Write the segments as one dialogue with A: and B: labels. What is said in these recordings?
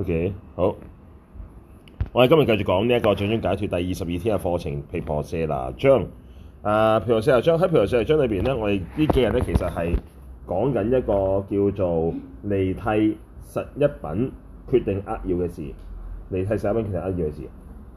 A: O、okay, K，好。我哋今日繼續講呢一個最終解脫第二十二天嘅課程《毗缽舍那章》。啊，《毗缽舍那章》喺《毗缽舍那章》裏邊咧，我哋呢幾日咧，其實係講緊一個叫做離諦實一品決定扼要嘅事。離諦實一品決定扼要嘅事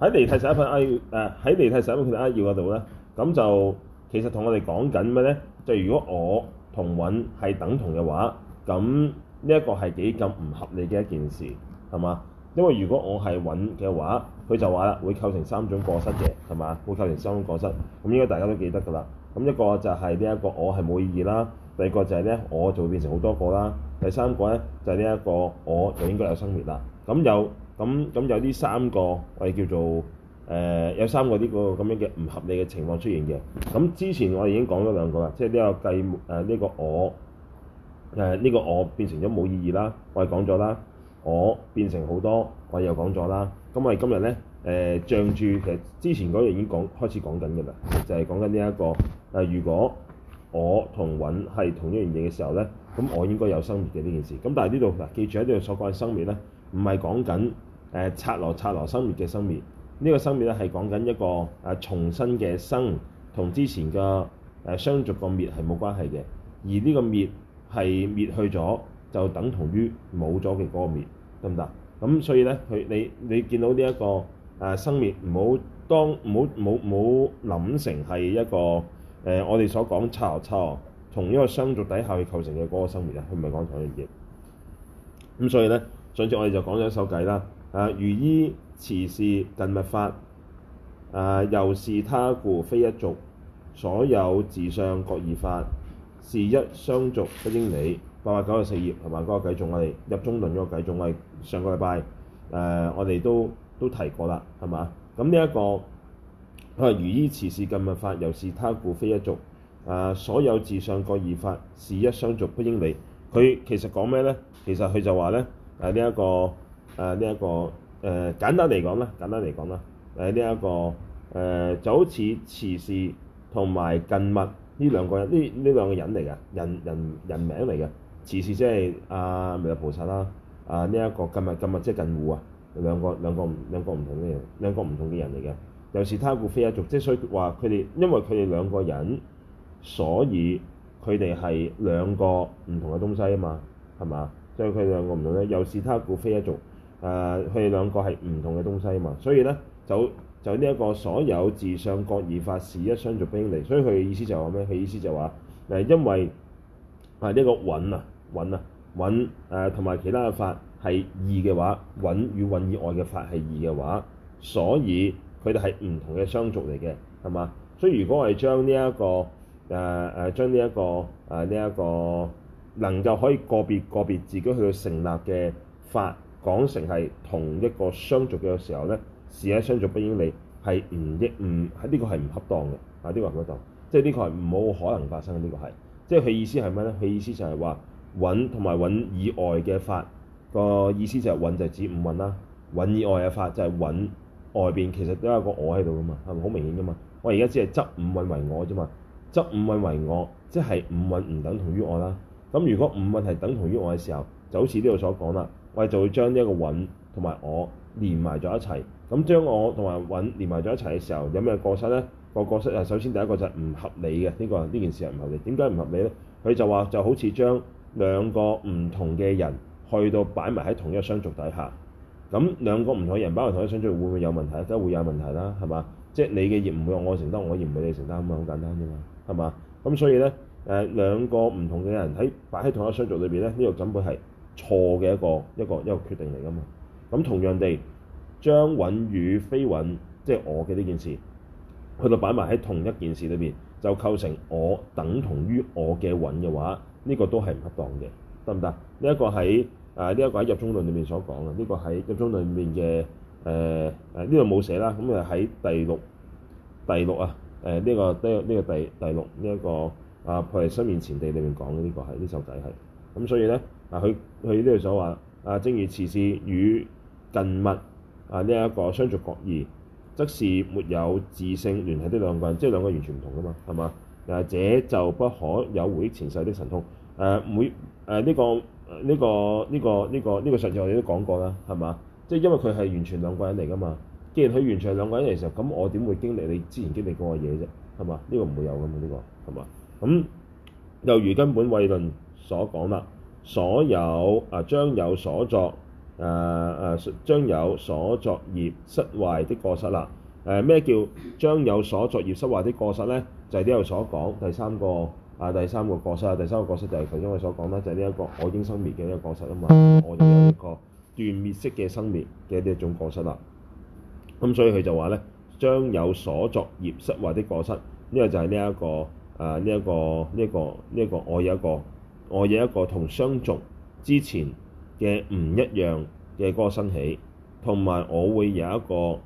A: 喺離諦實一品呃誒喺離諦實一品決定扼要嗰度咧，咁、呃、就其實同我哋講緊咩咧？就係如果我同蘊係等同嘅話，咁呢一個係幾咁唔合理嘅一件事。係嘛？因為如果我係揾嘅話，佢就話啦，會構成三種過失嘅，係嘛？會構成三種過失。咁應該大家都記得㗎啦。咁一個就係呢一個我係冇意義啦。第二個就係呢，我就會變成好多個啦。第三個咧就係呢一個我就應該有生滅啦。咁有咁咁有呢三個我哋叫做誒、呃、有三個呢、呢個咁樣嘅唔合理嘅情況出現嘅。咁之前我哋已經講咗兩個啦，即係呢個計誒呢個我誒呢、呃呢個我變成咗冇意義啦，我係講咗啦。我變成好多，我又講咗啦。咁我哋今日咧，誒、呃，仗住其實之前嗰樣已經講開始講緊嘅啦，就係、是、講緊呢一個誒，如果我同蘊係同一樣嘢嘅時候咧，咁我應該有生滅嘅呢件事。咁但係呢度嗱，記住喺呢度所講嘅生滅咧，唔係講緊誒剎那剎那生滅嘅生滅，呢、這個生滅咧係講緊一個誒重新嘅生，同之前嘅誒相續個滅係冇關係嘅，而呢個滅係滅去咗。就等同於冇咗嘅嗰個滅，得唔得？咁所以咧，佢你你見到呢、這、一個誒、啊、生滅，唔好當唔好冇好唔諗成係一個誒、呃、我哋所講七啊同一從呢個相續底下去構成嘅嗰生滅啊，佢唔係講同一樣嘢。咁所以咧，上次我哋就講咗一首偈啦。啊，如依慈氏近密法，啊，由是他故非一續，所有自相各依法，是一相續不應理。八百九十四頁同埋嗰個偈頌，續我哋入中論嗰個偈頌、呃，我哋上個禮拜誒，我哋都都提過啦，係嘛？咁呢一個啊、呃，如依慈氏近密法，由是他故非一續。啊、呃，所有自相各依法，是一相續不應理。佢其實講咩咧？其實佢就話咧誒，呢、呃、一、這個誒，呢一個誒，簡單嚟講啦，簡單嚟講啦，誒、呃，呢一個誒，就好似慈氏同埋近密呢兩個呢呢兩個人嚟嘅，人人人名嚟嘅。次次即係阿彌勒菩薩啦，啊呢一、啊這個近物近物即係近戶啊，兩個兩個兩個唔同嘅人，兩個唔同嘅人嚟嘅。又是他故非一族，即係所以話佢哋，因為佢哋兩個人，所以佢哋係兩個唔同嘅東西啊嘛，係嘛？所以佢哋兩個唔同咧。又是他故非一族，誒、呃，佢哋兩個係唔同嘅東西嘛，所以咧就就呢、這、一個所有自上各而法事一相族兵嚟。所以佢嘅意思就話咩？佢意思就話誒，因為係、這、呢個韻啊。蘊啊蘊誒，同埋其他嘅法係異嘅話，蘊與蘊以外嘅法係異嘅話，所以佢哋係唔同嘅相續嚟嘅，係嘛？所以如果我哋將呢、這、一個誒誒、啊啊、將呢、這、一個誒呢一個能夠可以個別個別自己去成立嘅法講成係同一個相續嘅時候咧，是喺相續不應理係唔益唔係呢個係唔恰當嘅啊！呢個唔恰當即係呢個係唔冇可能發生嘅，呢、這個係即係佢意思係咩咧？佢意思就係話。蘊同埋蘊以外嘅法，個意思就係蘊就係指五蘊啦，蘊以外嘅法就係蘊外邊，其實都有個我喺度㗎嘛，係咪好明顯㗎嘛？我而家只係執五蘊為我啫嘛，執五蘊為我即係五蘊唔等同於我啦。咁如果五蘊係等同於我嘅時候，就好似呢度所講啦，我哋就會、這個、將呢一個蘊同埋我連埋咗一齊。咁將我同埋蘊連埋咗一齊嘅時候，有咩過失咧？那個過失啊，首先第一個就係唔合理嘅呢、這個呢件事係唔合理。點解唔合理咧？佢就話就好似將兩個唔同嘅人去到擺埋喺同一個相續底下，咁兩個唔同嘅人擺埋同一個相續會唔會有問題啊？都會有問題啦，係嘛？即係你嘅業唔會用我承擔，我業唔會你承擔咁啊，好簡單啫嘛，係嘛？咁所以咧，誒、呃、兩個唔同嘅人喺擺喺同一個相續裏邊咧，呢、這個根本係錯嘅一個一個一個決定嚟噶嘛。咁同樣地，將蘊與非蘊，即係我嘅呢件事，去到擺埋喺同一件事裏邊，就構成我等同於我嘅蘊嘅話。呢個都係唔恰當嘅，得唔得？呢、這、一個喺誒呢一個喺入中論裡面所講嘅，呢、這個喺入中論裡面嘅誒誒呢度冇寫啦。咁誒喺第六第六啊誒呢、這個呢、這個、這個、第第六呢一、這個啊菩提心面前地裡面講嘅呢個係呢首仔係。咁、嗯、所以咧啊佢佢呢度所話啊，正如慈氏與近密啊呢一、這個相續各異，則是沒有自性聯繫的兩個人，即係兩個完全唔同噶嘛，係嘛？嗱，這就不可有回憶前世的神通。誒、呃，每誒呢、呃這個呢、呃這個呢、這個呢、這個呢、這個上次我哋都講過啦，係嘛？即、就、係、是、因為佢係完全兩個人嚟㗎嘛。既然佢完全係兩個人嚟嘅時候，咁我點會經歷你之前經歷過嘅嘢啫？係嘛？呢、這個唔會有㗎嘛，呢、這個係嘛？咁又如根本慧論所講啦，所有啊將、呃、有所作誒誒將有所作業失壞的過失啦。誒咩叫將有所作業失壞的過、呃、失咧？就係呢度所講，第三個啊，第三個過失啊，第三個過失就係頭先我所講咧，就係呢一個我應生滅嘅呢個過失啊嘛，我哋有一個斷滅式嘅生滅嘅一一種過失啦。咁、嗯、所以佢就話咧，將有所作業失壞的過失，呢、呢個就係呢一個啊，呢、呢、一個呢一、呢個呢一、呢個，我有一個，我有一個同相續之前嘅唔一樣嘅嗰個生起，同埋我會有一個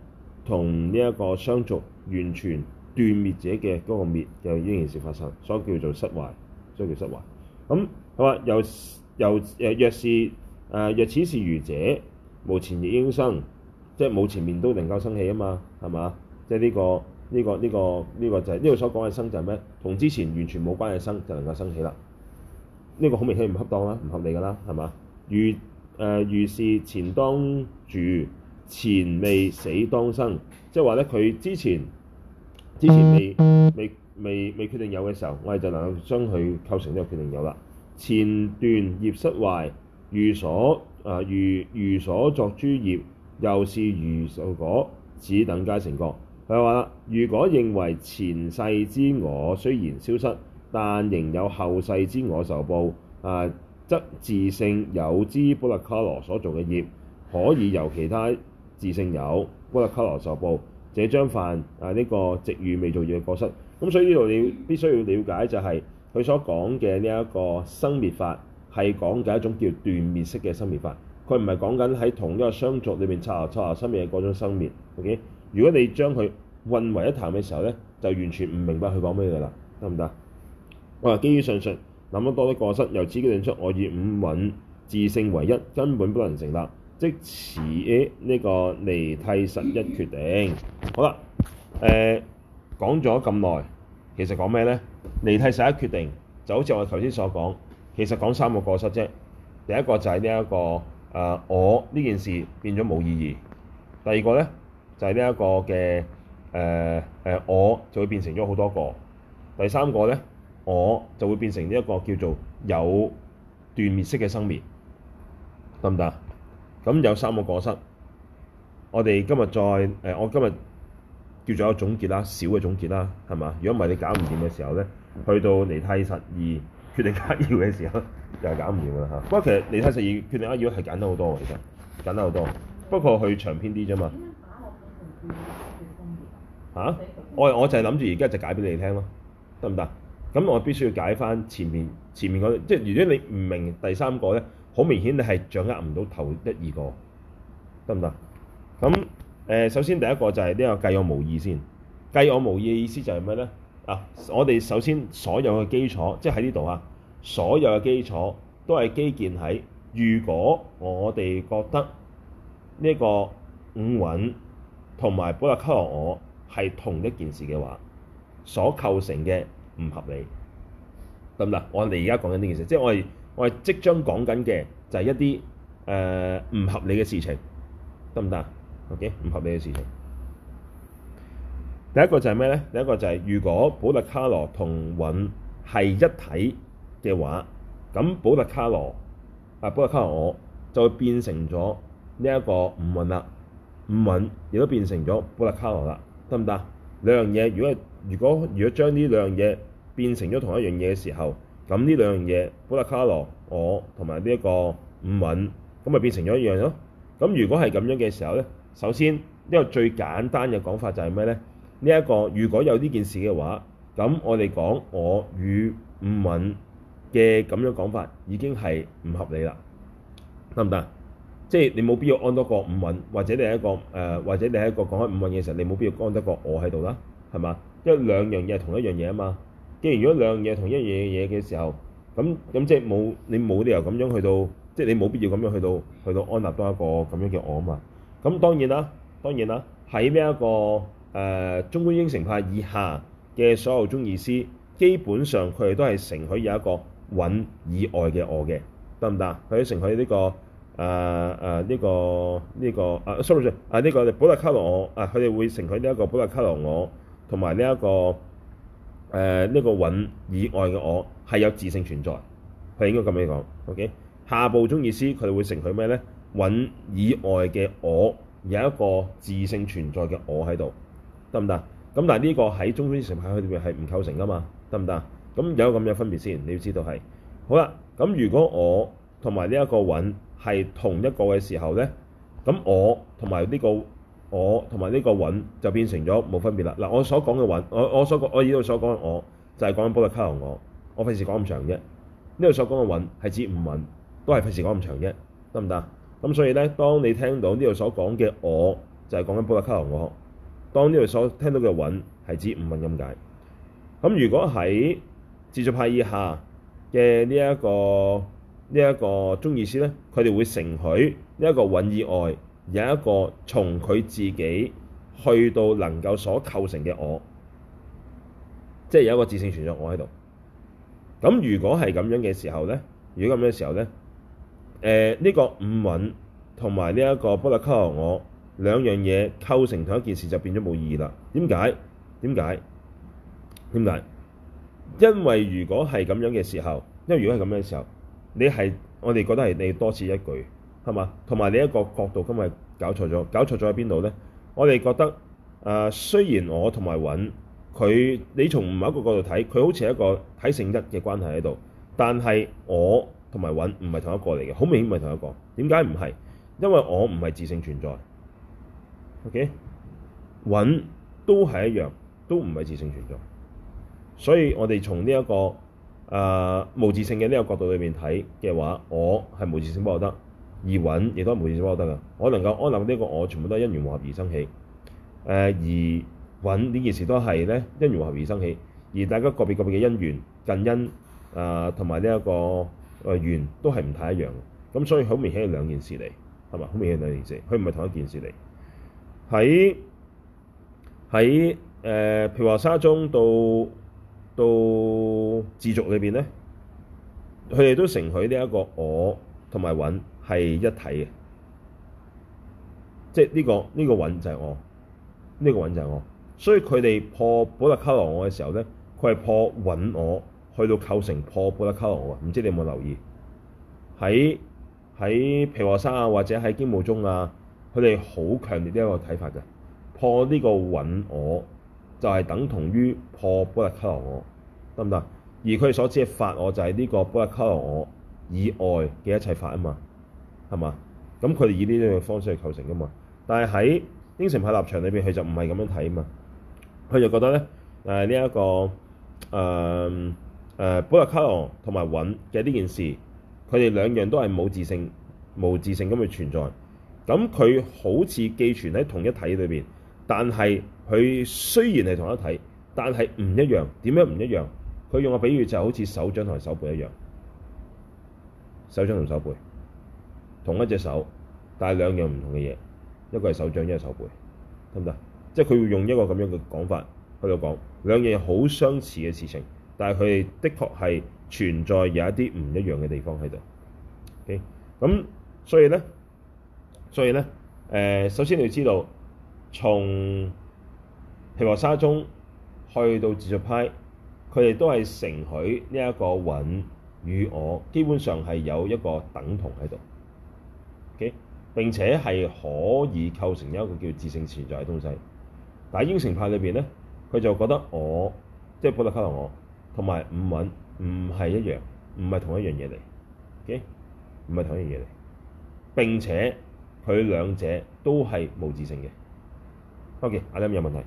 A: 同呢一個相續完全。斷滅者嘅嗰個滅又應現時發生，所以叫做失壞，所以叫失壞。咁係嘛？又又誒若是誒、呃、若此是餘者，無前亦應生，即係冇前面都能夠生起啊嘛？係嘛？即係呢個呢個呢個呢個就係呢個所講嘅生就係咩？同之前完全冇關係生，就能夠生起啦。呢個好明顯唔恰當啦，唔合理㗎啦，係嘛？如誒、呃、如是前當住，前未死當生，即係話咧佢之前。之前未未未未決定有嘅時候，我哋就能夠將佢構成呢個決定有啦。前斷業失壞，餘所啊餘餘所作諸業，又是餘受果，此等皆成過。佢話啦，如果認為前世之我雖然消失，但仍有後世之我受報啊、呃，則自性有之補特伽羅所做嘅業，可以由其他自性有補特伽羅受報。這張飯啊，呢、這個值遇未造業嘅過失，咁、嗯、所以呢度你必須要了解就係、是、佢所講嘅呢一個生滅法係講緊一種叫斷滅式嘅生滅法，佢唔係講緊喺同一個相續裏面撮合撮合新嘢嗰種生滅。OK，如果你將佢混為一談嘅時候咧，就完全唔明白佢講咩嘅啦，得唔得？我、啊、基於上述那麼多的過失，由此認出我以五蘊自性為一，根本不能成立。即時，誒，呢個離諦實一決定好啦。誒，講咗咁耐，其實講咩咧？離諦實一決定就好似我頭先所講，其實講三個過失啫。第一個就係呢一個誒、呃，我呢件事變咗冇意義。第二個咧就係呢一個嘅誒、誒，我就會變成咗好多個。第三個咧，我就會變成呢一個叫做有斷滅式嘅生滅，得唔得？咁有三個過失，我哋今日再誒、呃，我今日叫做一有總結啦，少嘅總結啦，係嘛？如果唔係你搞唔掂嘅時候咧，去到離題十二決定加要嘅時候，就係搞唔掂噶啦嚇。不過其實離題十二決定加要係簡單好多嘅，其實簡單好多。不過去長篇啲啫嘛。嚇、啊！我我就係諗住而家就解俾你聽咯，得唔得？咁我必須要解翻前面前面嗰、那個、即係如果你唔明第三個咧。好明顯，你係掌握唔到頭一二個，得唔得？咁誒、呃，首先第一個就係呢個計我無意先，計我無意嘅意思就係咩咧？啊，我哋首先所有嘅基礎，即係喺呢度啊，所有嘅基礎都係基建喺。如果我哋覺得呢個五蘊同埋補特伽羅我係同一件事嘅話，所構成嘅唔合理，得唔得？我哋而家講緊呢件事，即係我哋。我係即將講緊嘅就係、是、一啲誒唔合理嘅事情，得唔得？OK，唔合理嘅事情。第一個就係咩咧？第一個就係、是、如果補特伽羅同蘊係一體嘅話，咁補特伽羅啊，補、呃、特伽羅我就會變成咗呢一個五蘊啦，五蘊亦都變成咗補特伽羅啦，得唔得啊？兩樣嘢如果如果如果將呢兩樣嘢變成咗同一樣嘢嘅時候。咁呢兩樣嘢，補特伽羅我同埋呢一個五蘊，咁咪變成咗一樣咯。咁如果係咁樣嘅時候咧，首先因為最簡單嘅講法就係咩咧？呢一個如果有呢件事嘅話，咁我哋講我與五蘊嘅咁樣講法已經係唔合理啦，得唔得？即係你冇必要安多個五蘊，或者你係一個誒，或者你係一個講開五蘊嘅時候，你冇必要安多個我喺度啦，係嘛？因為兩樣嘢係同一樣嘢啊嘛。既然如果兩樣嘢同一樣嘢嘅時候，咁咁即係冇你冇理由咁樣去到，即係你冇必要咁樣去到去到安立多一個咁樣嘅我啊嘛。咁當然啦，當然啦，喺呢一個誒、呃、中觀應成派以下嘅所有宗義師，基本上佢哋都係承許有一個蘊以外嘅我嘅，得唔得啊？佢承許呢個誒誒呢個呢個誒，sorry 啊呢、這個補特伽羅我啊，佢哋會承許呢一個補特伽羅我同埋呢一個。誒呢、呃這個蘊以外嘅我係有自性存在，佢應該咁樣講，OK？下部中意思，佢哋會承許咩咧？蘊以外嘅我有一個自性存在嘅我喺度，得唔得？咁但係呢個喺中意識實體裏邊係唔構成噶嘛，得唔得？咁有咁嘅分別先，你要知道係。好啦，咁如果我同埋呢一個蘊係同一個嘅時候咧，咁我同埋呢個。我同埋呢個蘊就變成咗冇分別啦。嗱，我所講嘅蘊，我我所我呢度所講嘅我，就係講緊補特伽羅我。我費事講咁長啫。呢度所講嘅蘊係指五蘊，都係費事講咁長啫，得唔得？咁所以咧，當你聽到呢度所講嘅我，就係講緊補特伽羅我。當呢度所聽到嘅蘊係指五蘊咁解。咁如果喺自續派以下嘅呢一個呢一個中意思咧，佢哋會承許呢一個蘊以外。有一個從佢自己去到能夠所構成嘅我，即係有一個自性存在我喺度。咁如果係咁樣嘅時候咧，如果咁樣嘅時候咧，誒呢、呃這個五蘊同埋呢一個補特伽羅我兩樣嘢構成同一件事就變咗冇意義啦。點解？點解？點解？因為如果係咁樣嘅時候，因為如果係咁樣嘅時候，你係我哋覺得係你多此一舉。係嘛？同埋你一個角度，今日搞錯咗，搞錯咗喺邊度咧？我哋覺得誒、呃，雖然我同埋蘊佢，你從某一個角度睇，佢好似係一個體性一嘅關係喺度，但係我同埋蘊唔係同一個嚟嘅，好明顯唔係同一個。點解唔係？因為我唔係自性存在，OK？蘊都係一樣，都唔係自性存在。所以我哋從呢、這、一個誒、呃、無自性嘅呢個角度裏面睇嘅話，我係無自性補特伽羅。而蘊亦都唔會嘅，都得嘅。我能夠安立呢一個我，全部都係因緣和合而生起。誒、呃、而蘊呢件事都係咧因緣和合而生起。而大家個別個別嘅因緣、近因啊，同埋呢一個誒、呃、緣都係唔太一樣。咁所以好明顯係兩件事嚟，係嘛？好明顯係兩件事，佢唔係同一件事嚟。喺喺誒，譬如話沙宗到到自俗裏邊咧，佢哋都承許呢一個我同埋蘊係一體嘅，即係、這、呢個呢、這個蘊就係我，呢、這個蘊就係我。所以佢哋破補特伽羅我嘅時候咧，佢係破蘊我去到構成破補特伽羅我。唔知你有冇留意喺喺皮羅沙啊，或者喺堅無中啊，佢哋好強烈呢一個睇法嘅破呢個蘊我就係、是、等同於破補特伽羅我得唔得？而佢所指嘅法我就係呢個補特伽羅我以外嘅一切法啊嘛。係嘛？咁佢哋以呢啲嘅方式去構成噶嘛？但係喺應成派立場裏邊，佢就唔係咁樣睇啊嘛。佢就覺得咧，誒呢一個誒誒補特伽羅同埋蘊嘅呢件事，佢哋兩樣都係冇自性、無自性咁去存在。咁佢好似寄存喺同一體裏邊，但係佢雖然係同一體，但係唔一樣。點樣唔一樣？佢用個比喻就好似手掌同手背一樣，手掌同手背。同一隻手，帶兩樣唔同嘅嘢，一個係手掌，一個係手背，得唔得？即係佢會用一個咁樣嘅講法喺度講兩樣好相似嘅事情，但係佢哋的確係存在有一啲唔一樣嘅地方喺度。咁、okay? 所以呢，所以咧，誒、呃，首先你要知道，從毗婆沙宗去到自續派，佢哋都係承許呢一個蘊與我，基本上係有一個等同喺度。OK，並且係可以構成一個叫自性存在嘅東西。但係應成派裏邊咧，佢就覺得我即係、就是、補特伽羅我同埋五蘊唔係一樣，唔係同一樣嘢嚟。OK，唔係同一樣嘢嚟。並且佢兩者都係冇自性嘅。OK，阿、啊、Sam 有問題。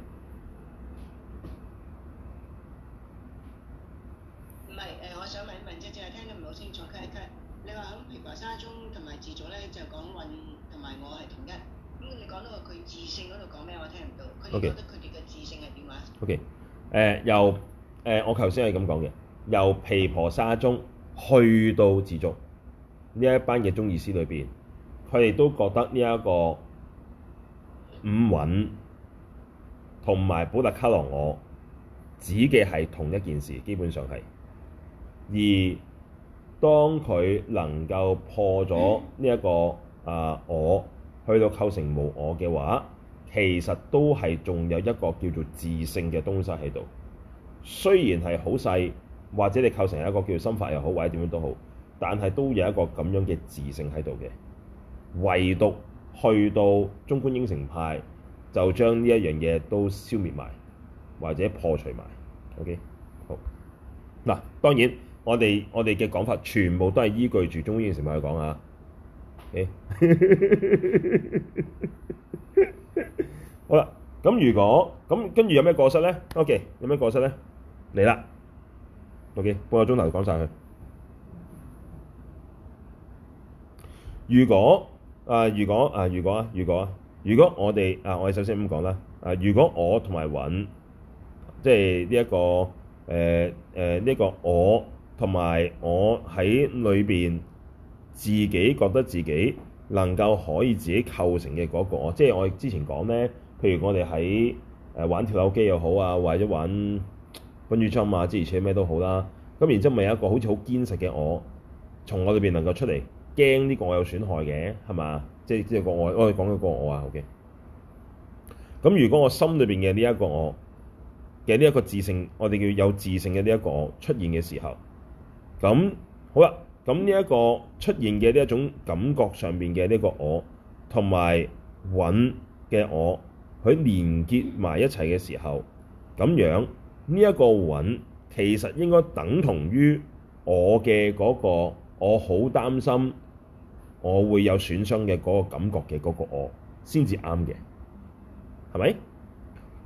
A: 覺得佢哋嘅智性係點啊？OK，誒、okay. 呃、由誒、呃、我頭先係咁講嘅，由毗婆沙宗去到自續呢一班嘅宗義師裏邊，佢哋都覺得呢、這、一個五蘊同埋補特伽羅我指嘅係同一件事，基本上係。而當佢能夠破咗呢一個啊、嗯呃、我去到構成無我嘅話，其實都係仲有一個叫做自性嘅東西喺度，雖然係好細，或者你構成一個叫做心法又好，或者點樣都好，但係都有一個咁樣嘅自性喺度嘅。唯獨去到中觀應成派，就將呢一樣嘢都消滅埋，或者破除埋。OK，好。嗱，當然我哋我哋嘅講法全部都係依據住中觀應成派去講啊。誒、OK? 好啦，咁如果咁跟住有咩過失咧？O K，有咩過失咧？嚟啦，O K，半個鐘頭就講晒佢。如果啊、okay, okay,，如果啊，如果啊，如果，啊、如果我哋啊，我哋首先咁講啦。啊，如果我同埋蘊，即係呢一個誒誒呢個我同埋我喺裏邊自己覺得自己。能夠可以自己構成嘅嗰個，即係我之前講咧，譬如我哋喺誒玩跳樓機又好啊，或者玩 Virtual Gym 啊，即係而且咩都好啦。咁然之後咪有一個好似好堅實嘅我，從我裏邊能夠出嚟驚呢個我有損害嘅，係嘛？即係呢、這個我，我哋講咗個我啊 OK。咁如果我心裏邊嘅呢一個我嘅呢一個自性，我哋叫有自性嘅呢一個我出現嘅時候，咁好啦。咁呢一個出現嘅呢一種感覺上邊嘅呢個我，同埋蘊嘅我，佢連結埋一齊嘅時候，咁樣呢一、這個蘊，其實應該等同於我嘅嗰、那個我好擔心，我會有損傷嘅嗰個感覺嘅嗰個我，先至啱嘅，係咪？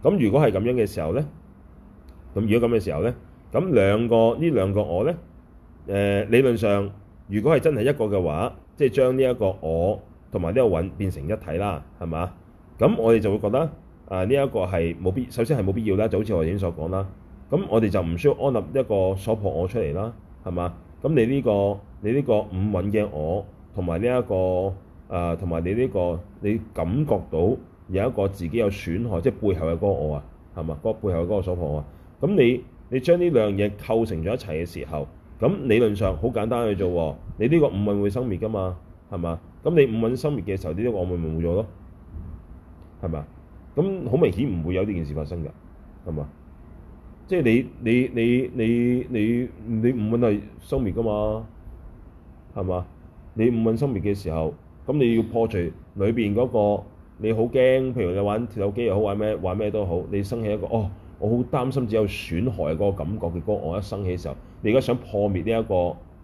A: 咁如果係咁樣嘅時候咧，咁如果咁嘅時候咧，咁兩個呢兩個我咧？誒、呃、理論上，如果係真係一個嘅話，即係將呢一個我同埋呢個蘊變成一體啦，係嘛？咁我哋就會覺得誒呢一個係冇必首先係冇必要啦，就好似我已經所講啦。咁我哋就唔需要安立一個所破我出嚟啦，係嘛？咁你呢、這個你呢個五蘊嘅我同埋呢一個誒同埋你呢、這個你感覺到有一個自己有損害，即、就、係、是、背後嘅嗰個我啊，係嘛？個背後嘅嗰個所破我啊，咁你你將呢兩樣嘢構成咗一齊嘅時候。咁理論上好簡單去做喎，你呢個五蘊會,會生滅噶嘛，係嘛？咁你五蘊生滅嘅時候，呢啲妄念咪冇咗咯，係咪？咁好明顯唔會有呢件事發生㗎，係嘛？即係你你你你你你五蘊係生滅㗎嘛，係嘛？你五蘊生滅嘅時候，咁你要破除裏邊嗰個你好驚，譬如你玩手機又好，玩咩玩咩都好，你生起一個哦，我好擔心只有損害嗰個感覺嘅嗰個。我一生起嘅時候。你而家想破滅呢一個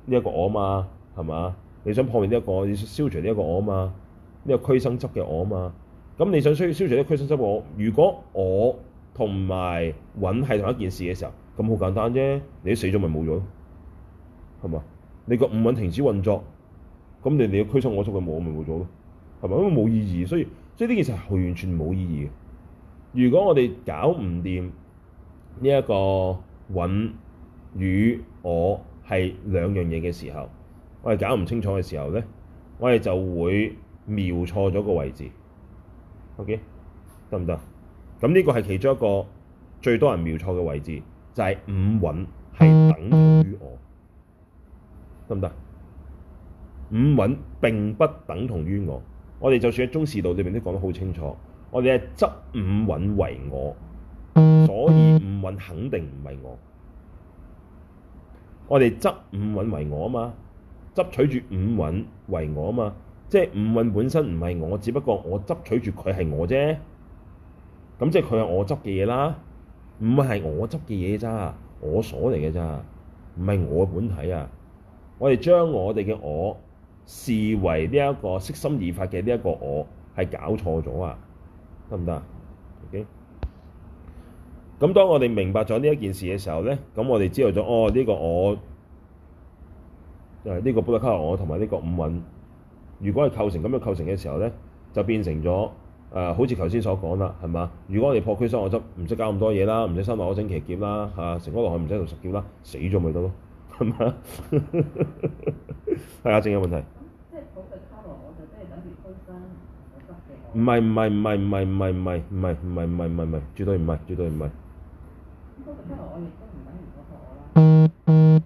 A: 呢一個我啊嘛，係嘛？你想破滅呢一個，你消除呢一個我啊嘛，呢個俱生執嘅我啊嘛。咁你想需要消除呢個俱生執我，如果我同埋蘊係同一件事嘅時候，咁好簡單啫。你都死咗咪冇咗咯，係嘛？你個五蘊停止運作，咁你哋要俱生我執嘅我咪冇咗咯，係咪？因為冇意義，所以即係呢件事係完全冇意義嘅。如果我哋搞唔掂呢一個蘊，與我係兩樣嘢嘅時候，我哋搞唔清楚嘅時候呢，我哋就會瞄錯咗個位置。OK，得唔得？咁、嗯、呢、呢個係其中一個最多人瞄錯嘅位置，就係、是、五蘊
B: 係等同於
A: 我，得唔得？五蘊並不等同於我，我哋就算喺中士道裏面都講得好清楚，我哋係執五蘊為我，所以五蘊肯定唔係我。我哋執五蘊為我啊嘛，執取住五蘊為我啊嘛，即係五蘊本身唔係我，只不過我執取住佢係我啫。咁即係佢係我執嘅嘢啦，唔係我執嘅嘢咋，我所嚟嘅咋，唔係我本體啊。我哋將我哋嘅我視為呢、這、一個色心二法嘅呢一個我係搞錯咗啊，得唔得？咁當我哋明白咗呢一件事嘅時候咧，咁我哋知道咗哦，呢、這個我誒呢、這個補特伽羅我，我同埋呢個五蘊，如果係構成咁樣構成嘅時候咧，就變成咗誒、呃，好似頭先所講啦，係嘛？如果我哋破區生，我執唔使搞咁多嘢啦，唔使三六九星奇劫啦，嚇成個落去唔使做十劫啦，死咗咪得咯，係嘛？係 啊，正有問題。即
B: 係補特伽羅我就即係等
A: 於區生？唔係唔係唔係唔係唔係唔係唔係唔係唔係唔係唔係，絕對唔係，絕對唔係。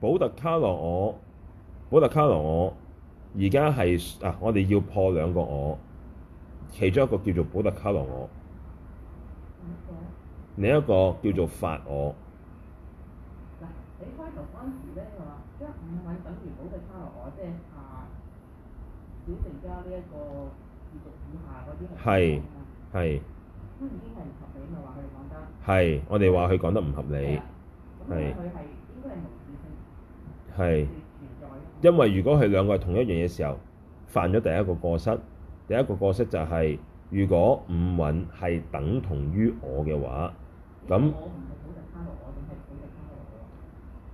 A: 補特伽羅我，補特伽羅我，而家係啊！我哋要破兩個我，其中一個叫做補特伽羅我，
B: 另
A: 一個叫做法我。嗱，你開頭關注咧係嘛？唔係等於補
B: 特伽羅我先下小成交呢一個係
A: 係。係，我哋話佢講得唔合理。係、啊，
B: 因
A: 為因為如果佢兩個係同一樣嘢時候，犯咗第一個過失。第一個過失就係、是，如果五蘊係等同於我嘅話，咁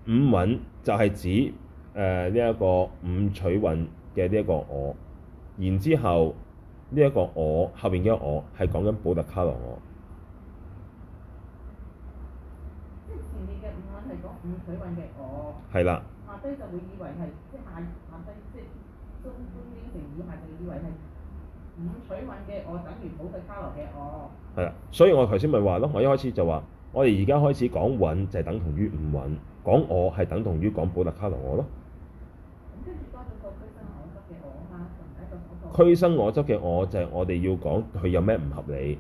A: 五蘊就係指誒呢一個五取蘊嘅呢一個我。然之後呢一個我後邊嘅我係講緊補特伽羅我。嘅我，係啦，下低就會以為係
B: 即係下下低即係中中英城下，就以為五取蘊嘅我
A: 等於補特伽羅嘅我，係啦，所以我頭先咪話咯，我一開始就話，我哋而家開始講穩就係等同於唔穩，講我係等同於講補特伽羅我咯。俱生我執嘅我就係我哋要講佢有咩唔合理。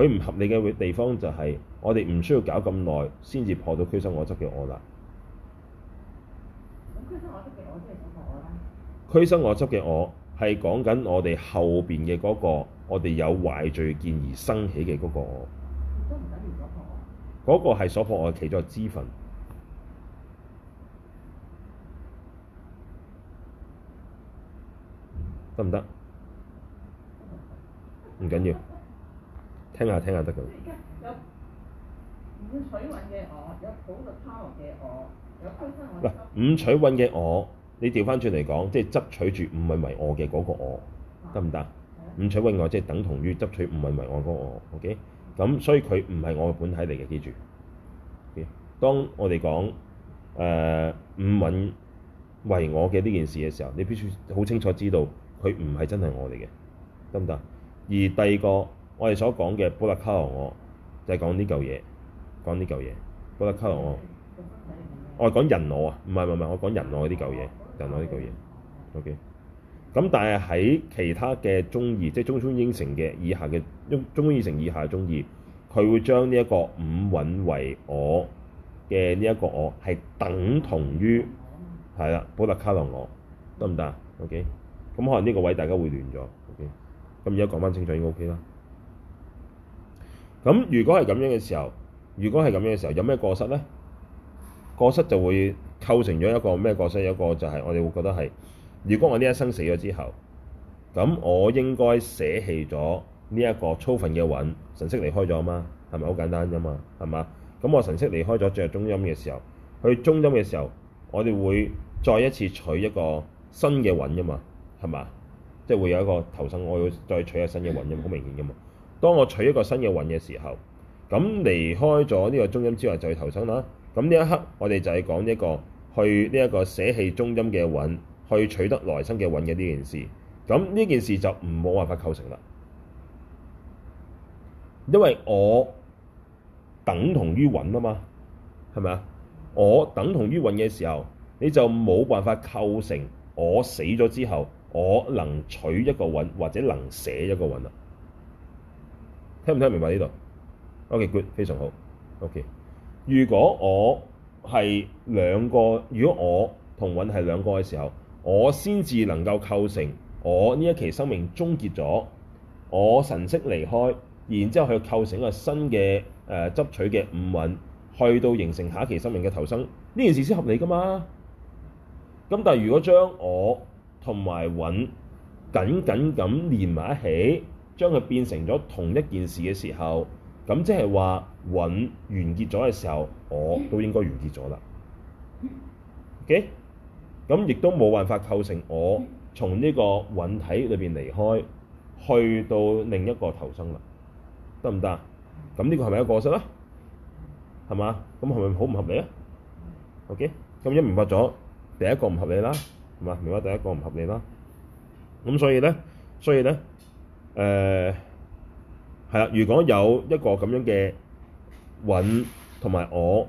A: 佢唔合理嘅地方就係，我哋唔需要搞咁耐先至破到俱生我執嘅我啦。俱
B: 生我執嘅我即係所破啦。
A: 俱生我執嘅我係講緊我哋後邊嘅嗰個，我哋有壞聚見而生起嘅嗰個我。都唔使破啊！嗰個係所破我嘅其中一個之份得唔得？唔緊要。聽下聽下得嘅。
B: 有五取蘊嘅
A: 我，有補特伽羅嘅我，有開心我。五取蘊嘅我，你調翻轉嚟講，即係執取住唔係為我嘅嗰個我，得唔得？嗯、五取蘊我即係等同於執取唔係為我嗰個我，OK？咁所以佢唔係我嘅本體嚟嘅，記住。Okay? 當我哋講誒、呃、五蘊為我嘅呢件事嘅時候，你必須好清楚知道佢唔係真係我嚟嘅，得唔得？而第二個。我哋所講嘅補特伽羅我，就係、是、講呢嚿嘢，講呢嚿嘢，補特伽羅我，我係、哦、講人我啊，唔係唔係，我講人我呢嚿嘢，人我呢嚿嘢。O.K. 咁但係喺其他嘅宗義，即係中觀應成嘅以下嘅中中觀應成以下嘅宗義，佢會將呢一個五蘊為我嘅呢一個我係等同於係啦，補特伽羅我得唔得？O.K. 咁可能呢個位大家會亂咗。O.K. 咁而家講翻清楚應該 O.K. 啦。咁如果係咁樣嘅時候，如果係咁樣嘅時候，有咩過失呢？過失就會構成咗一個咩過失？有一個就係我哋會覺得係，如果我呢一生死咗之後，咁我應該捨棄咗呢一個粗分嘅蘊，神識離開咗嘛？係咪好簡單噶嘛？係嘛？咁我神識離開咗進入中陰嘅時候，去中陰嘅時候，我哋會再一次取一個新嘅蘊噶嘛？係嘛？即係會有一個投生，我要再取一新嘅蘊，好明顯噶嘛？當我取一個新嘅蘊嘅時候，咁離開咗呢個中陰之外就去投生啦。咁呢一刻我哋就係講一個去呢一個捨棄中陰嘅蘊，去取得來生嘅蘊嘅呢件事。咁呢件事就唔冇辦法構成啦，因為我等同於蘊啊嘛，係咪啊？我等同於蘊嘅時候，你就冇辦法構成我死咗之後我能取一個蘊或者能捨一個蘊啦。聽唔聽明白呢度？OK，good，okay，非常好。OK，如果我係兩個，如果我同蘊係兩個嘅時候，我先至能夠構成我呢一期生命終結咗，我神識離開，然之後去構成一個新嘅誒、呃、執取嘅五蘊，去到形成下一期生命嘅投生，呢件事先合理㗎嘛？咁但係如果將我同埋蘊緊緊咁連埋一起。將佢變成咗同一件事嘅時候，咁即係話蘊完結咗嘅時候，我都應該完結咗啦。O.K.，咁亦都冇辦法構成我從呢個蘊體裏邊離開，去到另一個投生啦。得唔得？咁呢個係咪一個過失啦？係嘛？咁係咪好唔合理啊？O.K.，咁一明白咗，第一個唔合理啦，係嘛？明白第一個唔合理啦。咁所以咧，所以咧。誒係啦，如果有一個咁樣嘅我同埋我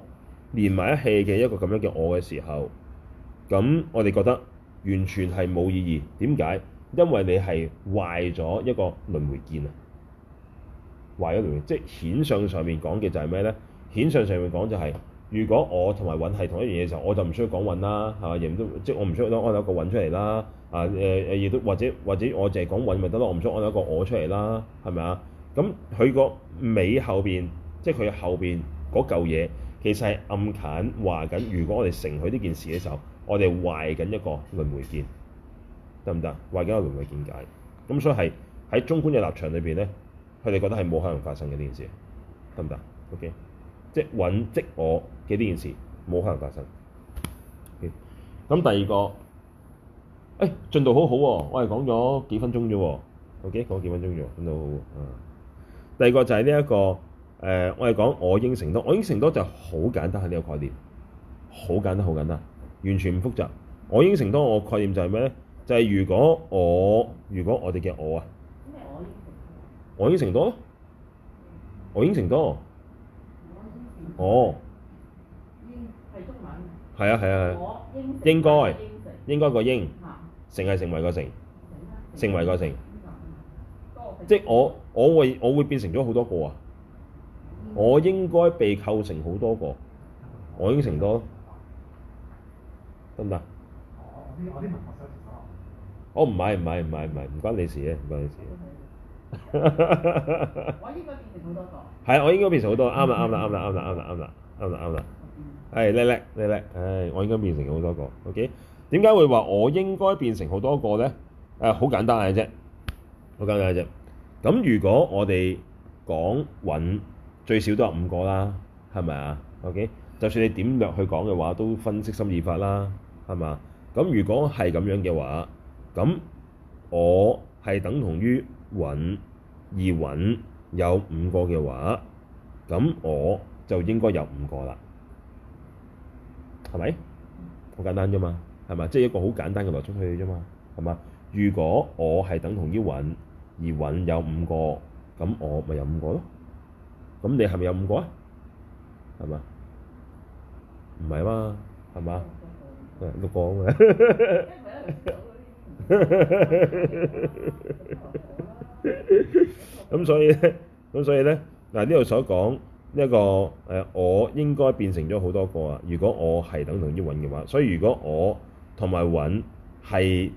A: 連埋一氣嘅一個咁樣嘅我嘅時候，咁我哋覺得完全係冇意義。點解？因為你係壞咗一個輪迴見啊，壞咗輪迴。即顯相上，上面講嘅就係咩咧？顯相上，上面講就係。如果我同埋蘊係同一樣嘢嘅時候，我就唔需要講蘊啦，係嘛？亦都即係我唔需要攞安立一個蘊出嚟啦。啊誒誒，亦都或者或者我淨係講蘊咪得咯，我唔需要安立一個我出嚟啦，係咪啊？咁佢個尾後邊即係佢後邊嗰嚿嘢，其實係暗緊話緊。如果我哋承佢呢件事嘅時候，我哋壞緊一個輪迴見，得唔得？壞緊一個輪迴見解。咁所以係喺中觀嘅立場裏邊咧，佢哋覺得係冇可能發生嘅呢件事，得唔得？OK，即係蘊即我。呢件事冇可能發生。咁、okay? 第二個，誒、欸、進度好好、啊、喎，我係講咗幾分鐘啫喎。好嘅，講咗幾分鐘啫喎，進度好好啊、嗯，第二個就係呢一個誒、呃，我係講我應成多，我應成多就好簡單係呢個概念。好簡單，好簡單，完全唔複雜。我應成多，我，多我概念就係咩咧？就係、是、如果我，如果我哋嘅我啊，我應成多，我應成多，我多。哦係啊係啊係！啊。應應該應該個應成係成為個成成為個成，即係我我會我會變成咗好多個啊！我應該被構成好多個，我應承多咯，得唔得？我唔係唔係唔係唔係，唔關你事啊。唔關你事。我應該變成好多
B: 個。
A: 係啊！我應該變成好多，啱啦啱啦啱啦啱啦啱啦啱啦啱啦。係叻叻叻叻！唉、哎哎，我應該變成好多個。OK，點解會話我應該變成好多個咧？誒、呃，好簡單嘅啫，好簡單嘅啫。咁如果我哋講蘊最少都有五個啦，係咪啊？OK，就算你點落去講嘅話，都分析心意法啦，係嘛？咁如果係咁樣嘅話，咁我係等同於蘊而蘊有五個嘅話，咁我就應該有五個啦。係咪好簡單啫嘛？係嘛？即係一個好簡單嘅攞出去啫嘛？係嘛？如果我係等同於蘊，而蘊有五個，咁我咪有五個咯。咁你係咪有五個啊？係嘛？唔係啊嘛？係嘛？六個。咁所以咧，咁所以咧，嗱呢度所講。呢一個、呃、我應該變成咗好多個啊！如果我係等同於蘊嘅話，所以如果我同埋蘊係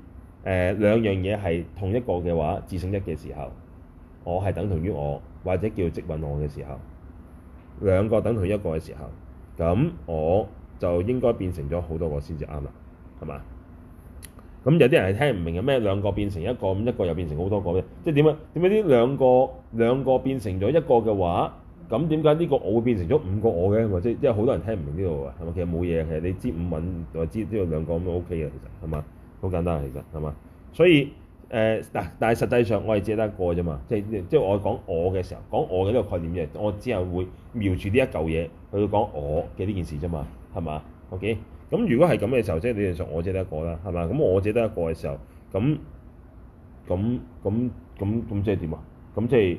A: 誒兩樣嘢係同一個嘅話，自性一嘅時候，我係等同於我或者叫即蘊我嘅時候，兩個等同一個嘅時候，咁我就應該變成咗好多個先至啱啦，係嘛？咁有啲人係聽唔明嘅咩？兩個變成一個，咁一個又變成好多個咩？即係點樣？點解呢兩個兩個變成咗一個嘅話？咁點解呢個我會變成咗五個我嘅？或者即係好多人聽唔明呢度啊？係咪其實冇嘢？其實你知五蘊或者知呢個兩個咁都 OK 嘅，其實係嘛？好簡單其實係嘛？所以誒、呃，但但係實際上我係只得一個啫嘛。即係即係我講我嘅時候，講我嘅呢個概念嘅。我只係會瞄住呢一嚿嘢去講我嘅呢件事啫嘛。係嘛？OK。咁如果係咁嘅時候，即係你哋做我只得一個啦，係嘛？咁我只得一個嘅時候，咁咁咁咁咁即係點啊？咁即係。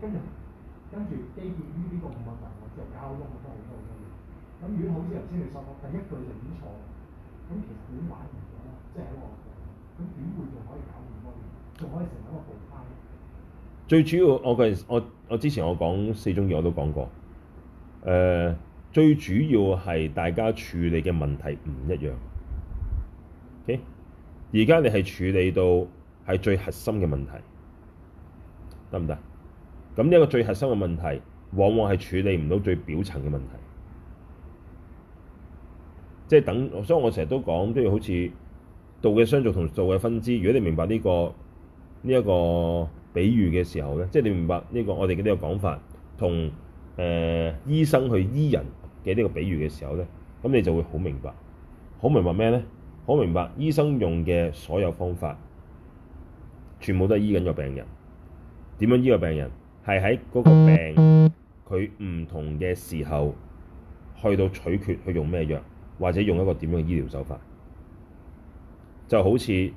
B: 跟住基於呢個問題，我之後交通好多好多好多咁如果好之後先嚟收，第一句就唔錯，咁其實短玩完咗即係喺外國，
A: 咁短匯仲可以搞掂㗎。仲可以成一個步驟。最主要我嗰陣時我我之前我講四種嘢我都講過，誒、呃、最主要係大家處理嘅問題唔一樣。okay? 而家你係處理到係最核心嘅問題。得唔得？咁呢一個最核心嘅問題，往往係處理唔到最表層嘅問題。即係等，所以我成日都講，即係好似道嘅相續同道嘅分支。如果你明白呢、呢個呢一、呢個比喻嘅時候咧，即係你明白呢、呢個我哋嘅呢個講法，同誒、呃、醫生去醫人嘅呢個比喻嘅時候咧，咁你就會好明白。好明白咩咧？好明白醫生用嘅所有方法，全部都係醫緊個病人。點樣醫個病人，係喺嗰個病佢唔同嘅時候，去到取決去用咩藥，或者用一個點樣嘅醫療手法。就好似即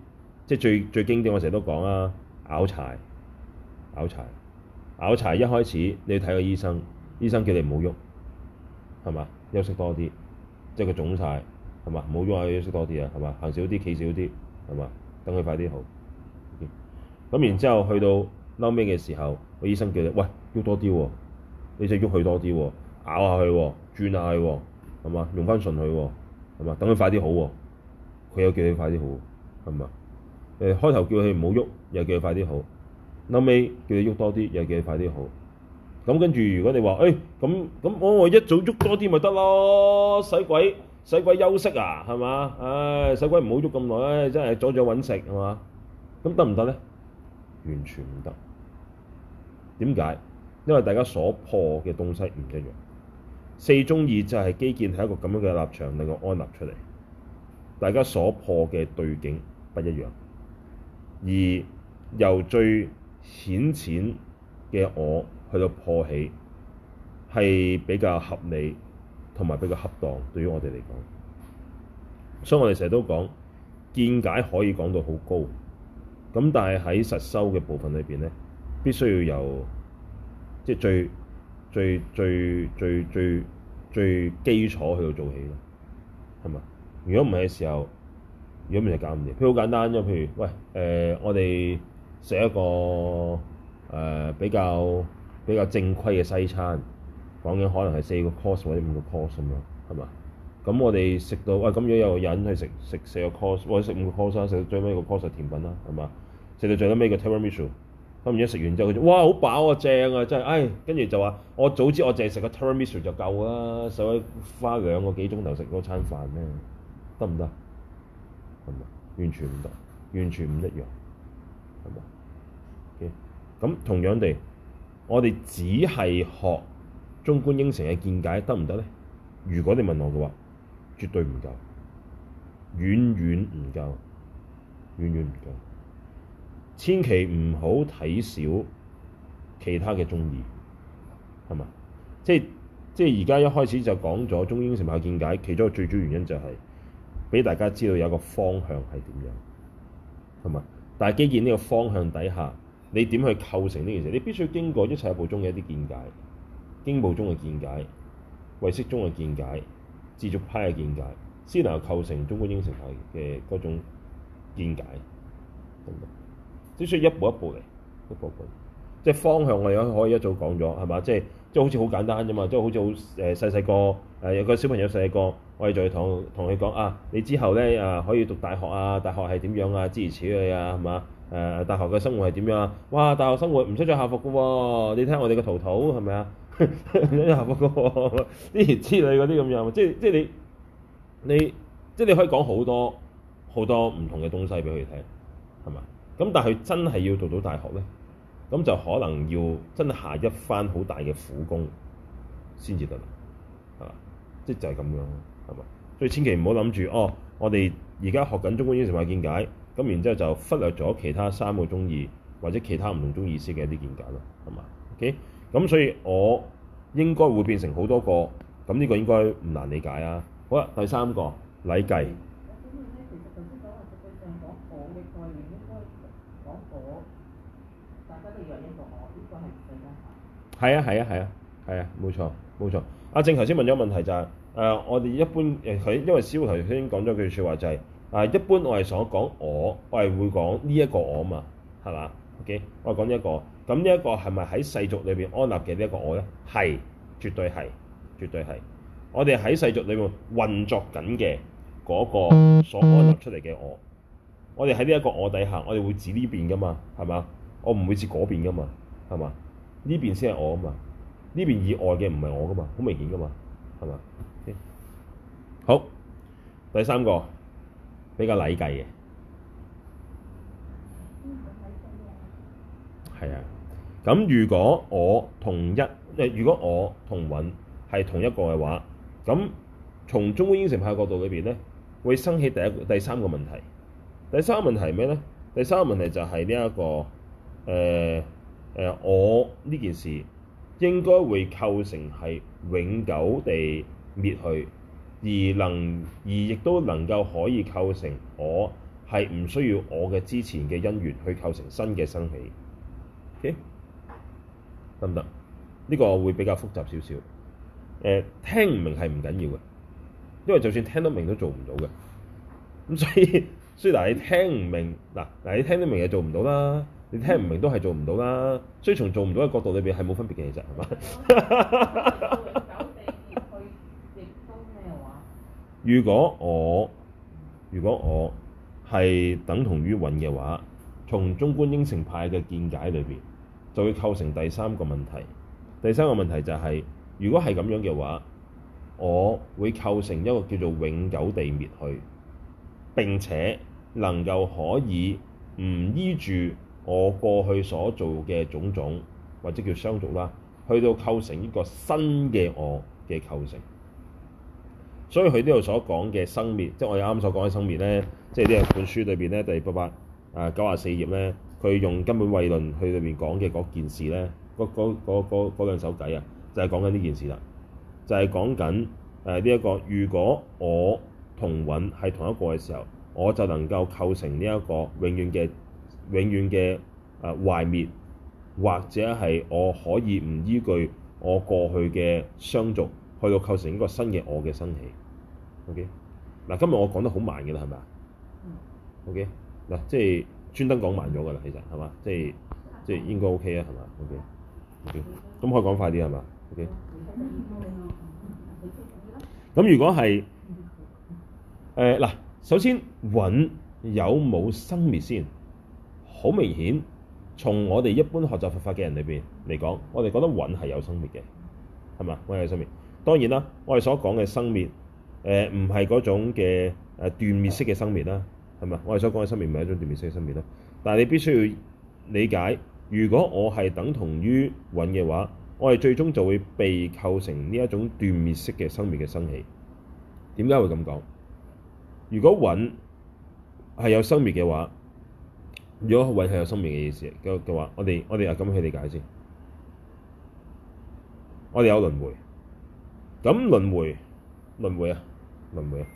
A: 係最最經典，我成日都講啊，拗柴拗柴拗柴、拗柴拗柴拗柴，一開始你睇個醫生，醫生叫你唔好喐，係嘛，休息多啲，即係佢腫晒，係嘛，唔好喐啊，休息多啲啊，係嘛，行少啲，企少啲，係嘛，等佢快啲好。咁、okay? 然之後去到。嬲尾嘅時候，個醫生叫你喂喐多啲喎、哦，你即係喐佢多啲喎、哦，咬下佢喎、哦，轉下佢喎、哦，係嘛？用翻順佢喎、哦，係嘛？等佢快啲好喎、哦，佢又叫你快啲好，係嘛？誒、呃、開頭叫你唔好喐，又叫你快啲好，嬲、no、尾叫你喐多啲，又叫你快啲好。咁、嗯、跟住如果你話誒咁咁我我一早喐多啲咪得咯，使鬼使鬼休息啊，係嘛？唉使鬼唔好喐咁耐，唉真係阻住我揾食係嘛？咁得唔得咧？完全唔得。點解？因為大家所破嘅東西唔一樣。四中二就係基建喺一個咁樣嘅立場令我安立出嚟。大家所破嘅對境不一樣，而由最顯淺嘅我去到破起，係比較合理同埋比較恰當，對於我哋嚟講。所以我哋成日都講見解可以講到好高，咁但係喺實修嘅部分裏邊咧。必須要由即係最最最最最最基礎去到做起咯，係嘛？如果唔係嘅時候，如果唔係就搞唔掂。好簡單啫，譬如，譬如喂誒、呃，我哋食一個誒、呃、比較比較正規嘅西餐，講緊可能係四個 course 或者五個 course 咁樣，係嘛？咁我哋食到喂咁，如果有個人去食食四個 course 或者食五個 course 啦，食到最尾個 course 係甜品啦，係嘛？食到最屘尾嘅 terminal。咁而家食完之後，佢就哇好飽啊，正啊，真係！哎，跟住就話：我早知我淨係食個 tiramisu 就夠啊，使使花兩個幾鐘頭食嗰餐飯咧，得唔得？係咪？完全唔得，完全唔一樣，係咪？嘅、okay? 咁同樣地，我哋只係學中觀應成嘅見解得唔得咧？如果你問我嘅話，絕對唔夠，遠遠唔夠，遠遠唔夠。千祈唔好睇少其他嘅宗義，係咪？即係即係而家一開始就講咗中觀應成派嘅見解，其中一個最主要原因就係、是、俾大家知道有個方向係點樣，係咪？但係既然呢個方向底下，你點去構成呢件事？你必須經過一切有部宗嘅一啲見解、經部宗嘅見解、唯識宗嘅見解、自續派嘅見解，先能夠構成中觀應成派嘅嗰種見解，得只需要一步一步嚟，一步一步。即係方向，我哋可以一早講咗係嘛？即係即係好似好簡單啫嘛！即係好似好誒細細個、呃、有個小朋友細細個，我哋再同同佢講啊，你之後咧啊、呃、可以讀大學啊，大學係點樣啊？諸如此類啊，係嘛誒？大學嘅生活係點樣啊？哇！大學生活唔使着校服嘅喎、哦，你睇我哋個圖圖係咪啊？唔使着校服嘅喎，諸如此類嗰啲咁樣，即係即係你你即係你可以講好多好多唔同嘅東西俾佢聽，係嘛？咁但係真係要讀到大學呢，咁就可能要真係下一番好大嘅苦功先至得啦，係嘛？即係就係、係、咁樣，係嘛？所以千祈唔好諗住哦，我哋而家學緊《中觀應成派見解》，咁然之後就忽略咗其他三個宗義或者其他唔同宗義師嘅一啲見解咯，係嘛？OK，咁所以我應該會變成好多個，咁呢個應該唔難理解啊。好啦，第三個禮計。係啊係啊係啊係啊，冇錯冇錯。阿、啊、正頭先問咗問題就係、是，誒、呃、我哋一般誒佢因為師父頭先講咗句説話就係、是，誒、呃、一般我係想講我，我係會講呢一個我啊嘛，係嘛？OK，我講呢一個，咁呢一個係咪喺世俗裏邊安立嘅呢一個我咧？係，絕對係，絕對係。我哋喺世俗裏面運作緊嘅嗰個所安立出嚟嘅我，我哋喺呢一個我底下，我哋會指呢邊噶嘛，係嘛？我唔會指嗰邊噶嘛，係嘛？呢邊先係我噶嘛？呢邊以外嘅唔係我噶嘛？好明顯噶嘛？係嘛？Okay. 好，第三個比較禮計嘅，係啊。咁如果我同一，誒如果我同蘊係同一個嘅話，咁從中觀應成派嘅角度裏邊咧，會生起第一第三個問題。第三個問題係咩咧？第三個問題就係呢一個誒。呃誒、呃、我呢件事應該會構成係永久地滅去，而能而亦都能夠可以構成我係唔需要我嘅之前嘅因緣去構成新嘅生起，得唔得？呢、這個會比較複雜少少。誒、呃、聽唔明係唔緊要嘅，因為就算聽得明都做唔到嘅。咁所以雖然嗱你聽唔明，嗱嗱你聽得明又做唔到啦。你聽唔明都係做唔到啦，所以從做唔到嘅角度裏邊係冇分別嘅，其實係嘛？如果我如果我係等同於蘊嘅話，從中觀應成派嘅見解裏邊就會構成第三個問題。第三個問題就係如果係咁樣嘅話，我會構成一個叫做永久地滅去，並且能夠可以唔依住。我過去所做嘅種種，或者叫相續啦，去到構成一個新嘅我嘅構成。所以佢呢度所講嘅生滅，即係我哋啱啱所講嘅生滅咧，即係呢本書裏邊咧第八百九十四頁咧，佢用根本慧論去裏邊講嘅嗰件事咧，嗰兩首偈啊，就係講緊呢件事啦，就係講緊誒呢一個，如果我同蘊係同一個嘅時候，我就能夠構成呢一個永遠嘅。永遠嘅誒壞滅，或者係我可以唔依據我過去嘅相續，去到構成一個新嘅我嘅生起。OK，嗱今日我講得好慢嘅啦，係咪啊？OK，嗱即係專登講慢咗噶啦，其實係嘛？即係即係應該 OK 啊，係嘛？OK，OK，咁可以講快啲係嘛？OK，咁如果係誒嗱，首先揾有冇生滅先。好明顯，從我哋一般學習佛法嘅人裏邊嚟講，我哋覺得蘊係有生滅嘅，係嘛？蘊有生滅。當然啦，我哋所講嘅生滅，誒唔係嗰種嘅誒、呃、斷滅式嘅生滅啦，係嘛？我哋所講嘅生滅唔係一種斷滅式嘅生滅啦。但係你必須要理解，如果我係等同於蘊嘅話，我哋最終就會被構成呢一種斷滅式嘅生滅嘅生氣。點解會咁講？如果蘊係有生滅嘅話，如果運係有生命嘅意思嘅嘅話，我哋我哋又咁去理解先。我哋有輪迴，咁輪迴，輪迴啊，輪迴啊，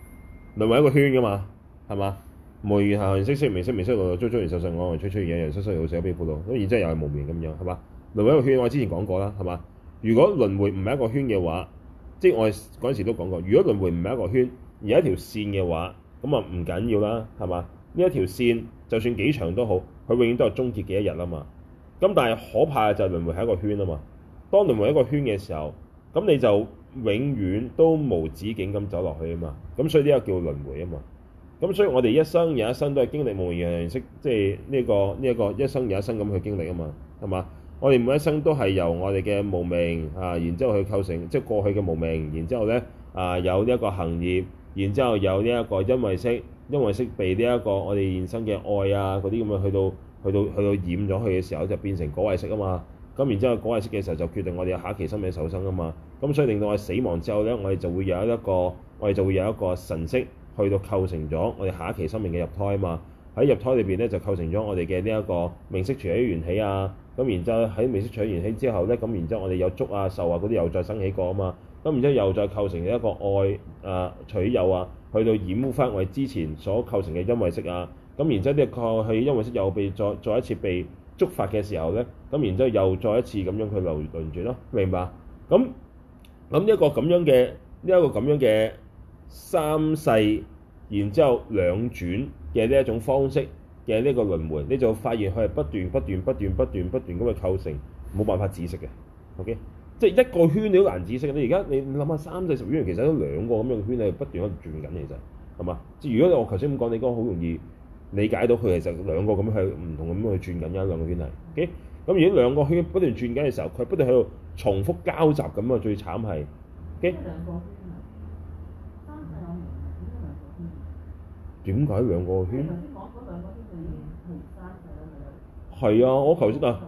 A: 輪迴一個圈噶嘛，係嘛？無明下下識識未識未識來來追追完手手我我吹吹完嘢嘢失失到上邊半路，咁然之後又係無明咁樣，係嘛？輪迴一個圈，我之前講過啦，係嘛？如果輪迴唔係一個圈嘅話，即係我嗰陣時都講過，如果輪迴唔係一個圈而係一條線嘅話，咁啊唔緊要啦，係嘛？呢一條線就算幾長都好，佢永遠都有終結嘅一日啊嘛。咁但係可怕嘅就係輪迴係一個圈啊嘛。當輪迴一個圈嘅時候，咁你就永遠都無止境咁走落去啊嘛。咁所以呢個叫輪迴啊嘛。咁所以我哋一生有一生都係經歷無明行識，即係呢一個呢一、這個一生有一生咁去經歷啊嘛，係嘛？我哋每一生都係由我哋嘅無明，啊，然之後去構成，即係過去嘅無明，然之後咧啊有呢一個行業，然之後有呢一個因位識。因為識被呢一個我哋現生嘅愛啊，嗰啲咁嘅去到去到去到染咗佢嘅時候，就變成果位色啊嘛。咁然之後果位色嘅時候，就決定我哋下一期生命受生啊嘛。咁所以令到我哋死亡之後咧，我哋就會有一個我哋就會有一個神識去到構成咗我哋下一期生命嘅入胎啊嘛。喺入胎裏邊咧，就構成咗我哋嘅呢一個名色除起元起啊。咁然之後喺名色除起元起之後咧，咁然之後我哋有觸啊受啊嗰啲又再生起過啊嘛。咁然之後又再構成一個愛啊取有啊。去到染污翻我哋之前所構成嘅因位式啊，咁然之後呢個去因位式又被再再一次被觸發嘅時候咧，咁然之後又再一次咁樣去流輪轉咯，明白？咁咁一個咁樣嘅呢一個咁樣嘅三世，然之後兩轉嘅呢一種方式嘅呢個輪迴，你就發現佢係不斷不斷不斷不斷不斷咁去構成，冇辦法止息嘅，OK？即係一個圈，你好難解釋，你而家你你諗下三四十圈其實都兩個咁樣嘅圈係不斷喺度轉緊，其實係嘛？即係如果你我頭先咁講，你應該好容易理解到佢係就兩個咁樣去唔同咁樣去轉緊一兩個圈嚟。OK，咁如果兩個圈不斷轉緊嘅時候，佢不斷喺度重複交集咁啊，最慘係。一、okay? 兩個圈。點解兩個
B: 圈？點解兩
A: 個圈？頭先講嗰兩個圈就係三至兩係啊，我頭先啊。嗯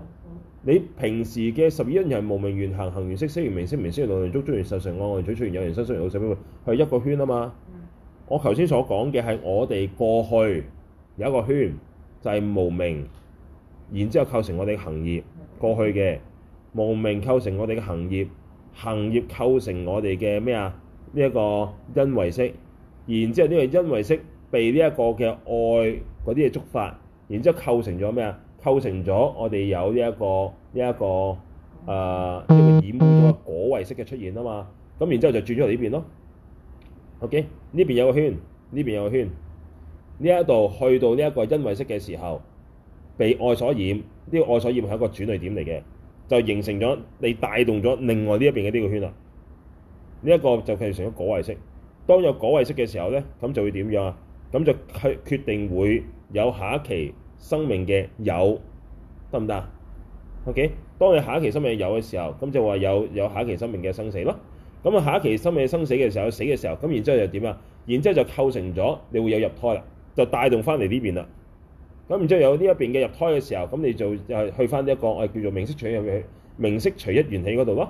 A: 你平時嘅十二因緣，無明緣行，行完識，識完色名色，名色完六緣觸，觸完受成愛，愛取，取完有形，生，生完老死，邊會係一個圈啊嘛！嗯、我頭先所講嘅係我哋過去有一個圈就係、是、無明，然之後構成我哋嘅行業，過去嘅無明構成我哋嘅行業，行業構成我哋嘅咩啊？呢、這、一個因為識。然之後呢個因為識，被呢一個嘅愛嗰啲嘢觸發，然之後構成咗咩啊？構成咗我哋有呢、這、一個呢一、這個誒，呢、呃、個染污果位式嘅出現啊嘛，咁然之後就轉咗嚟呢邊咯。OK，呢邊有個圈，呢邊有個圈，呢一度去到呢一個因位式嘅時候，被愛所染，呢、這個愛所染係一個轉捩點嚟嘅，就形成咗你帶動咗另外呢一邊嘅呢個圈啦。呢、這、一個就構成咗果位式。當有果位式嘅時候咧，咁就會點樣啊？咁就係決定會有下一期。生命嘅有得唔得？OK，當你下一期生命有嘅時候，咁就話有有下一期生命嘅生死咯。咁啊，下一期生命生死嘅時候，死嘅時候，咁然之後又點啊？然之後就構成咗，你會有入胎啦，就帶動翻嚟呢邊啦。咁然之後有呢一邊嘅入胎嘅時候，咁你就就係去翻呢一個誒叫做名色除，除一元名色除一元氣嗰度咯。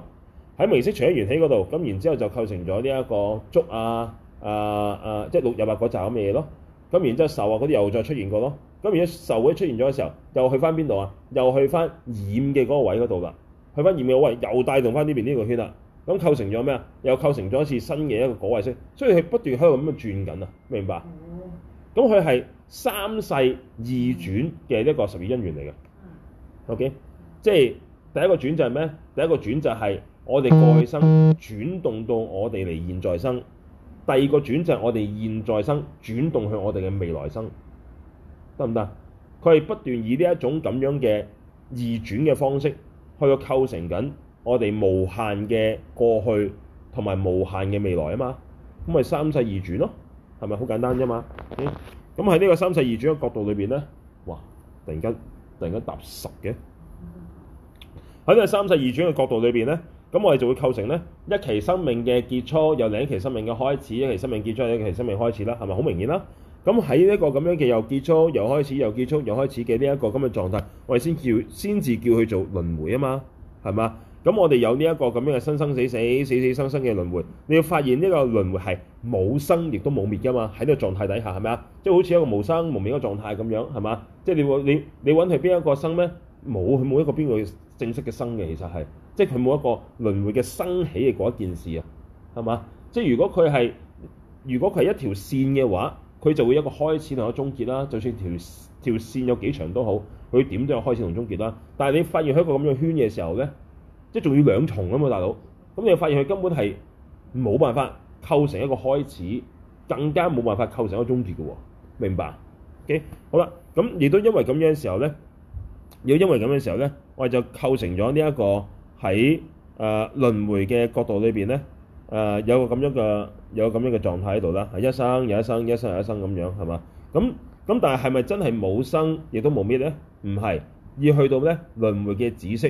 A: 喺名色除一元氣嗰度，咁然之後就構成咗呢一個觸啊啊啊，即係六入八果集咁嘅嘢咯。咁然之後受啊嗰啲又再出現過咯。咁而家受會出現咗嘅時候，又去翻邊度啊？又去翻染嘅嗰個位嗰度啦，去翻染嘅位，又帶動翻呢邊呢個圈啦。咁構成咗咩啊？又構成咗一次新嘅一個果位色，所以佢不斷喺度咁樣轉緊啊！明白？咁佢係三世二轉嘅一個十二因緣嚟嘅。OK，即係第一個轉就係咩？第一個轉就係我哋過去生轉動到我哋嚟現在生。第二個轉就係我哋現在生轉動去我哋嘅未來生。得唔得？佢係不，不斷以呢一種咁樣嘅二轉嘅方式去個構成緊我哋無限嘅過去同埋無限嘅未來啊嘛，咁咪三世二轉咯，係咪好簡單啫嘛？咁喺呢個三世二轉嘅角度裏邊咧，哇！突然間突然間踏實嘅喺呢個三世二轉嘅角度裏邊咧，咁我哋就會構成咧一期生命嘅結束，有另一期生命嘅開始，一期生命結束，有一期生命開始啦，係咪好明顯啦？咁喺呢一個咁樣嘅又結束又開始又結束又開始嘅呢一個咁嘅狀態，我哋先叫先至叫佢做輪迴啊嘛，係嘛？咁我哋有呢一個咁樣嘅生生死死、死死生生嘅輪迴，你要發現呢個輪迴係冇生亦都冇滅噶嘛？喺呢個狀態底下係咪啊？即係好似一個無生無滅嘅狀態咁樣係嘛？即係你你你搵佢邊一個生咩？冇佢冇一個邊個正式嘅生嘅，其實係即係佢冇一個輪迴嘅生起嘅嗰一件事啊，係嘛？即係如果佢係如果佢係一條線嘅話。佢就會一個開始同一個終結啦，就算條條線有幾長都好，佢點都有開始同終結啦。但係你發現佢一個咁嘅圈嘅時候咧，即係仲要兩重啊嘛，大佬。咁你發現佢根本係冇辦法構成一個開始，更加冇辦法構成一個終結嘅喎，明白？OK，好啦，咁亦都因為咁樣嘅時候咧，亦因為咁嘅時候咧，我哋就構成咗呢一個喺誒、呃、輪迴嘅角度裏邊咧。誒有個咁樣嘅有咁樣嘅狀態喺度啦，係一生又一生，一生又一生咁樣，係嘛？咁咁但係係咪真係冇生亦都冇滅咧？唔係，要去到咧輪迴嘅紫色，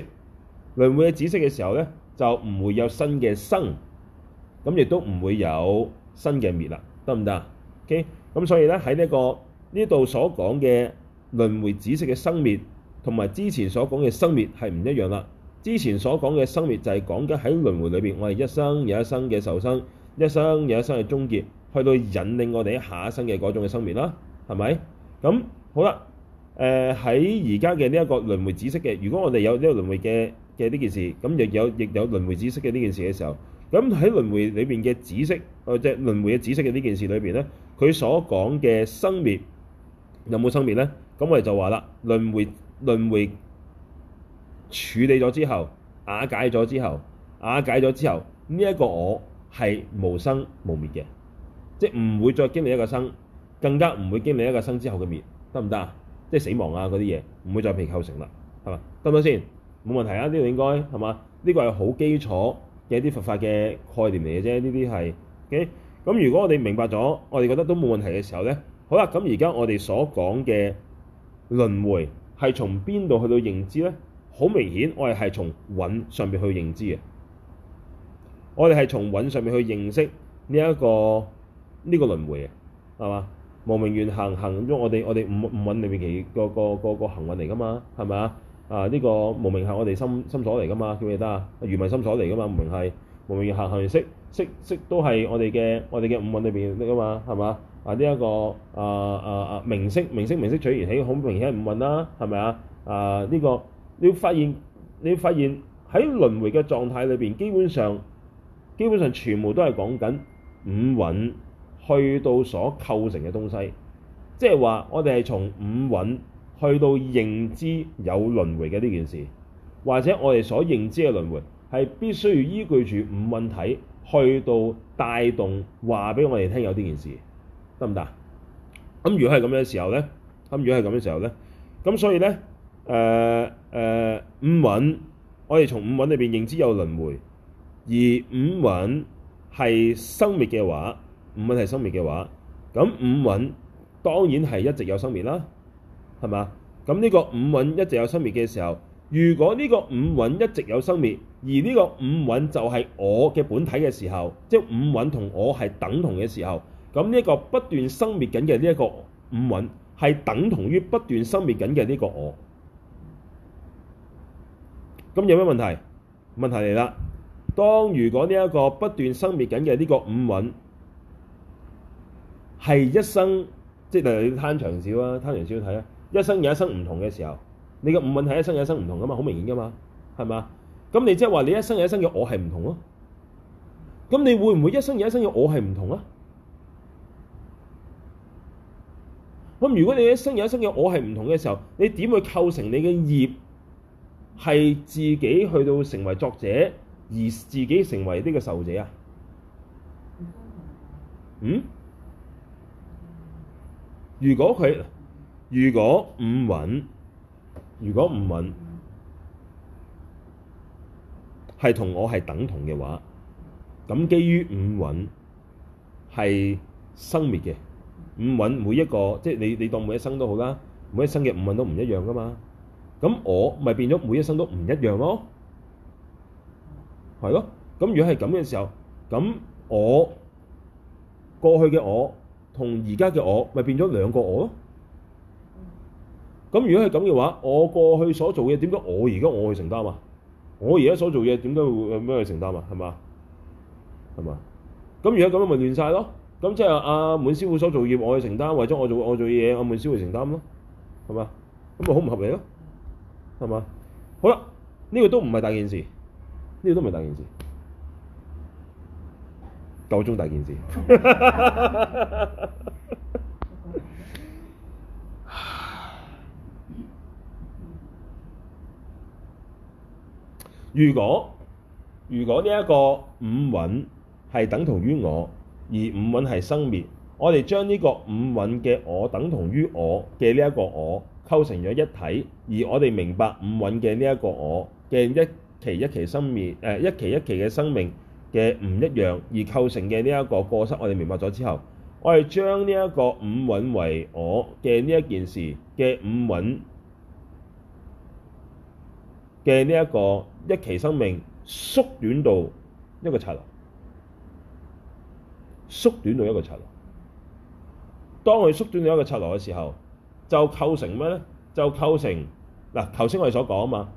A: 輪迴嘅紫色嘅時候咧，就唔會有新嘅生，咁亦都唔會有新嘅滅啦，得唔得？OK，咁所以咧喺呢個呢度所講嘅輪迴紫色嘅生滅，同埋之前所講嘅生滅係唔一樣啦。之前所講嘅生滅就係講緊喺輪迴裏邊，我哋一生有一生嘅受生，一生有一生嘅終結，去到引領我哋喺下一生嘅嗰種嘅生滅啦，係咪？咁好啦，誒喺而家嘅呢一個輪迴止息嘅，如果我哋有呢個輪迴嘅嘅呢件事，咁亦有亦有輪迴止息嘅呢件事嘅時候，咁喺輪迴裏邊嘅止息，或者輪迴嘅止息嘅呢件事裏邊咧，佢所講嘅生滅有冇生滅咧？咁我哋就話啦，輪迴輪迴，處理咗之後，瓦解咗之後，瓦解咗之後，呢一個我係無生無滅嘅，即係唔會再經歷一個生，更加唔會經歷一個生之後嘅滅，得唔得啊？即係死亡啊嗰啲嘢，唔會再被構成啦，係嘛？得唔得先？冇問題啊，呢度應該係嘛？呢個係好基礎嘅一啲佛法嘅概念嚟嘅啫，呢啲係 OK。咁如果我哋明白咗，我哋覺得都冇問題嘅時候咧，好啦，咁而家我哋所講嘅輪迴係從邊度去到認知咧？好明顯，我哋係從蘊上面去認知嘅。我哋係從蘊上面去認識呢一、呢個呢、呢個輪迴嘅，係嘛、啊呢個、嘛，嘛？無明緣行行，因我哋我哋五五蘊裏邊嘅個個個行運嚟噶嘛，係咪啊？啊呢個無明係，我哋心心所嚟噶嘛，叫咩得啊？愚昧心所嚟噶嘛，無明係無明緣行行完識識識都係我哋嘅我哋嘅五蘊裏邊嚟噶嘛，係嘛？啊呢一個啊啊啊名色」，「名色」，「名色」取而起，好明顯係五蘊啦，係咪啊？啊呢、呢個。你要發現，你發現喺輪迴嘅狀態裏邊，基本上，基本上全部都係講緊五蘊去到所構成嘅東西。即係話，我哋係從五蘊去到認知有輪迴嘅呢件事，或者我哋所認知嘅輪迴係必須要依據住五蘊體去到帶動話俾我哋聽有呢件事，得唔得？咁如果係咁樣嘅時候呢？咁如果係咁嘅時候呢？咁所以呢。誒誒、uh, uh, 五蘊，我哋從五蘊裏邊認知有輪迴，而五蘊係生滅嘅話，五蘊係生滅嘅話，咁五蘊當然係一直有生滅啦，係嘛？咁呢個五蘊一直有生滅嘅時候，如果呢個五蘊一直有生滅，而呢個五蘊就係我嘅本體嘅時候，即係五蘊同我係等同嘅時候，咁呢一個不斷生滅緊嘅呢一個五蘊係等同於不斷生滅緊嘅呢個我。咁有咩問題？問題嚟啦！當如果呢一個不斷生滅緊嘅呢個五蘊係一生，即係例如你攤長少啊，攤長少睇啊，一生有一生唔同嘅時候，你嘅五蘊係一生有一生唔同噶嘛，好明顯噶嘛，係嘛？咁你即係話你一生有一生嘅我係唔同咯？咁你會唔會一生有一生嘅我係唔同啊？咁如果你一生有一生嘅我係唔同嘅時候，你點去構成你嘅業？係自己去到成為作者，而自己成為呢個受者啊？嗯？如果佢如果五蘊，如果五蘊係同我係等同嘅話，咁基於五蘊係生滅嘅，五蘊每一個即係、就是、你你當每一生都好啦，每一生嘅五蘊都唔一樣噶嘛？咁我咪變咗，每一生都唔一樣咯，係咯。咁如果係咁嘅時候，咁我過去嘅我同而家嘅我咪變咗兩個我咯。咁如果係咁嘅話，我過去所做嘅點解我而家我去承擔啊？我而家所做嘢點解會有咩去承擔、就是、啊？係嘛？係嘛？咁如果咁樣咪亂晒咯。咁即係阿滿師傅所做業，我去承擔；或者我做我做嘢，阿、啊、滿師傅承擔咯，係嘛？咁咪好唔合理咯。係嘛？好啦，呢個都唔係大件事，呢個都唔係大件事，夠鐘大件事。 如果如果呢一個五蘊係等同於我，而五蘊係生滅，我哋將呢個五蘊嘅我等同於我嘅呢一個我。構成咗一體，而我哋明白五蘊嘅呢一個我嘅一期一期生命，誒、呃、一期一期嘅生命嘅唔一樣，而構成嘅呢一個過失，我哋明白咗之後，我哋將呢一個五蘊為我嘅呢一件事嘅五蘊嘅呢一個一期生命縮短到一個剎那，縮短到一個剎那。當佢哋縮短到一個剎那嘅時候，就構成咩？咧？就構成嗱，頭、啊、先我哋所講啊嘛。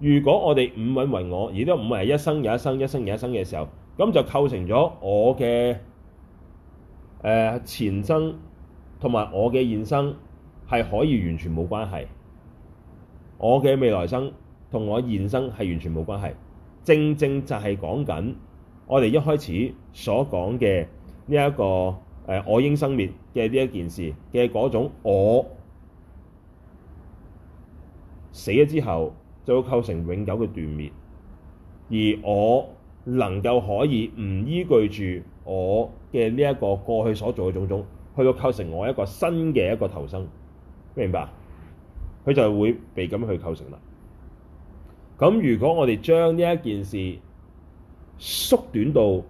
A: 如果我哋五蘊為我，而都五蘊係一生有一生、一生有一生嘅時候，咁就構成咗我嘅誒、呃、前生同埋我嘅現生係可以完全冇關係。我嘅未來生同我現生係完全冇關係。正正就係講緊我哋一開始所講嘅呢一個誒、呃、我應生滅嘅呢一件事嘅嗰種我。死咗之後就會構成永久嘅斷滅，而我能夠可以唔依據住我嘅呢一個過去所做嘅種種，去到構成我一個新嘅一個投生，明白？佢就會被咁樣去構成啦。咁如果我哋將呢一件事縮短到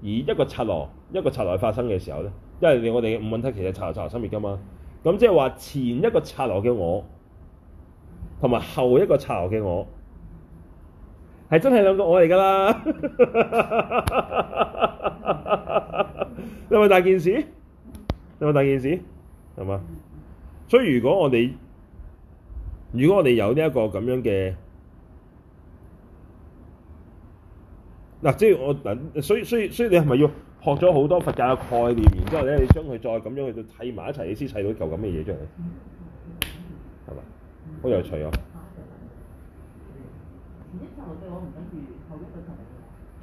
A: 以一個剎那一個剎那發生嘅時候咧，因為我哋嘅五蘊體，其實剎那剎那生滅噶嘛。咁即係話前一個剎那嘅我。同埋後一個巢嘅我，係真係兩個我嚟噶啦！有 冇大件事？有冇大件事？係嘛？所以如果我哋，如果我哋有呢、這、一個咁樣嘅嗱、啊，即係我等，所以所以所以你係咪要學咗好多佛教嘅概念，然之後咧你要將佢再咁樣去到砌埋一齊，你先砌到啲咁嘅嘢出嚟？好有趣啊。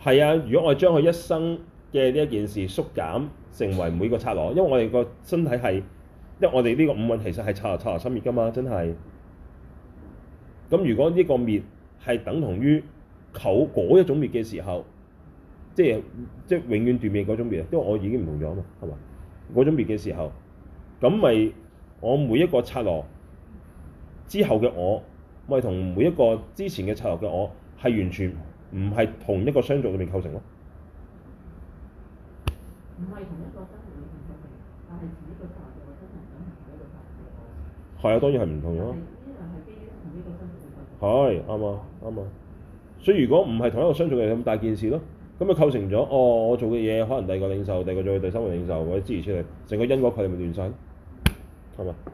A: 係啊，啊，如果我將佢一生嘅呢一件事縮減成為每個剎那，因為我哋個身體係，因為我哋呢個五蘊其實係剎那剎那生滅㗎嘛，真係。咁如果呢個滅係等同於求嗰一種滅嘅時候，即係即係永遠斷滅嗰種滅，因為我已經唔同咗啊嘛，係嘛？嗰種滅嘅時候，咁咪我每一個剎那。之後嘅我，咪同每一個之前嘅策略嘅我，係完全唔係同一個相續裏面構成咯。係啊，當然係唔同
B: 樣
A: 啊。係啱啊，啱啊。所以如果唔係同一個相續嘅咁大件事咯，咁咪構成咗哦，我做嘅嘢可能第二個領受、第二個做嘅第三個領受，或者支持出嚟，成個因果羣咪斷晒咯，係咪？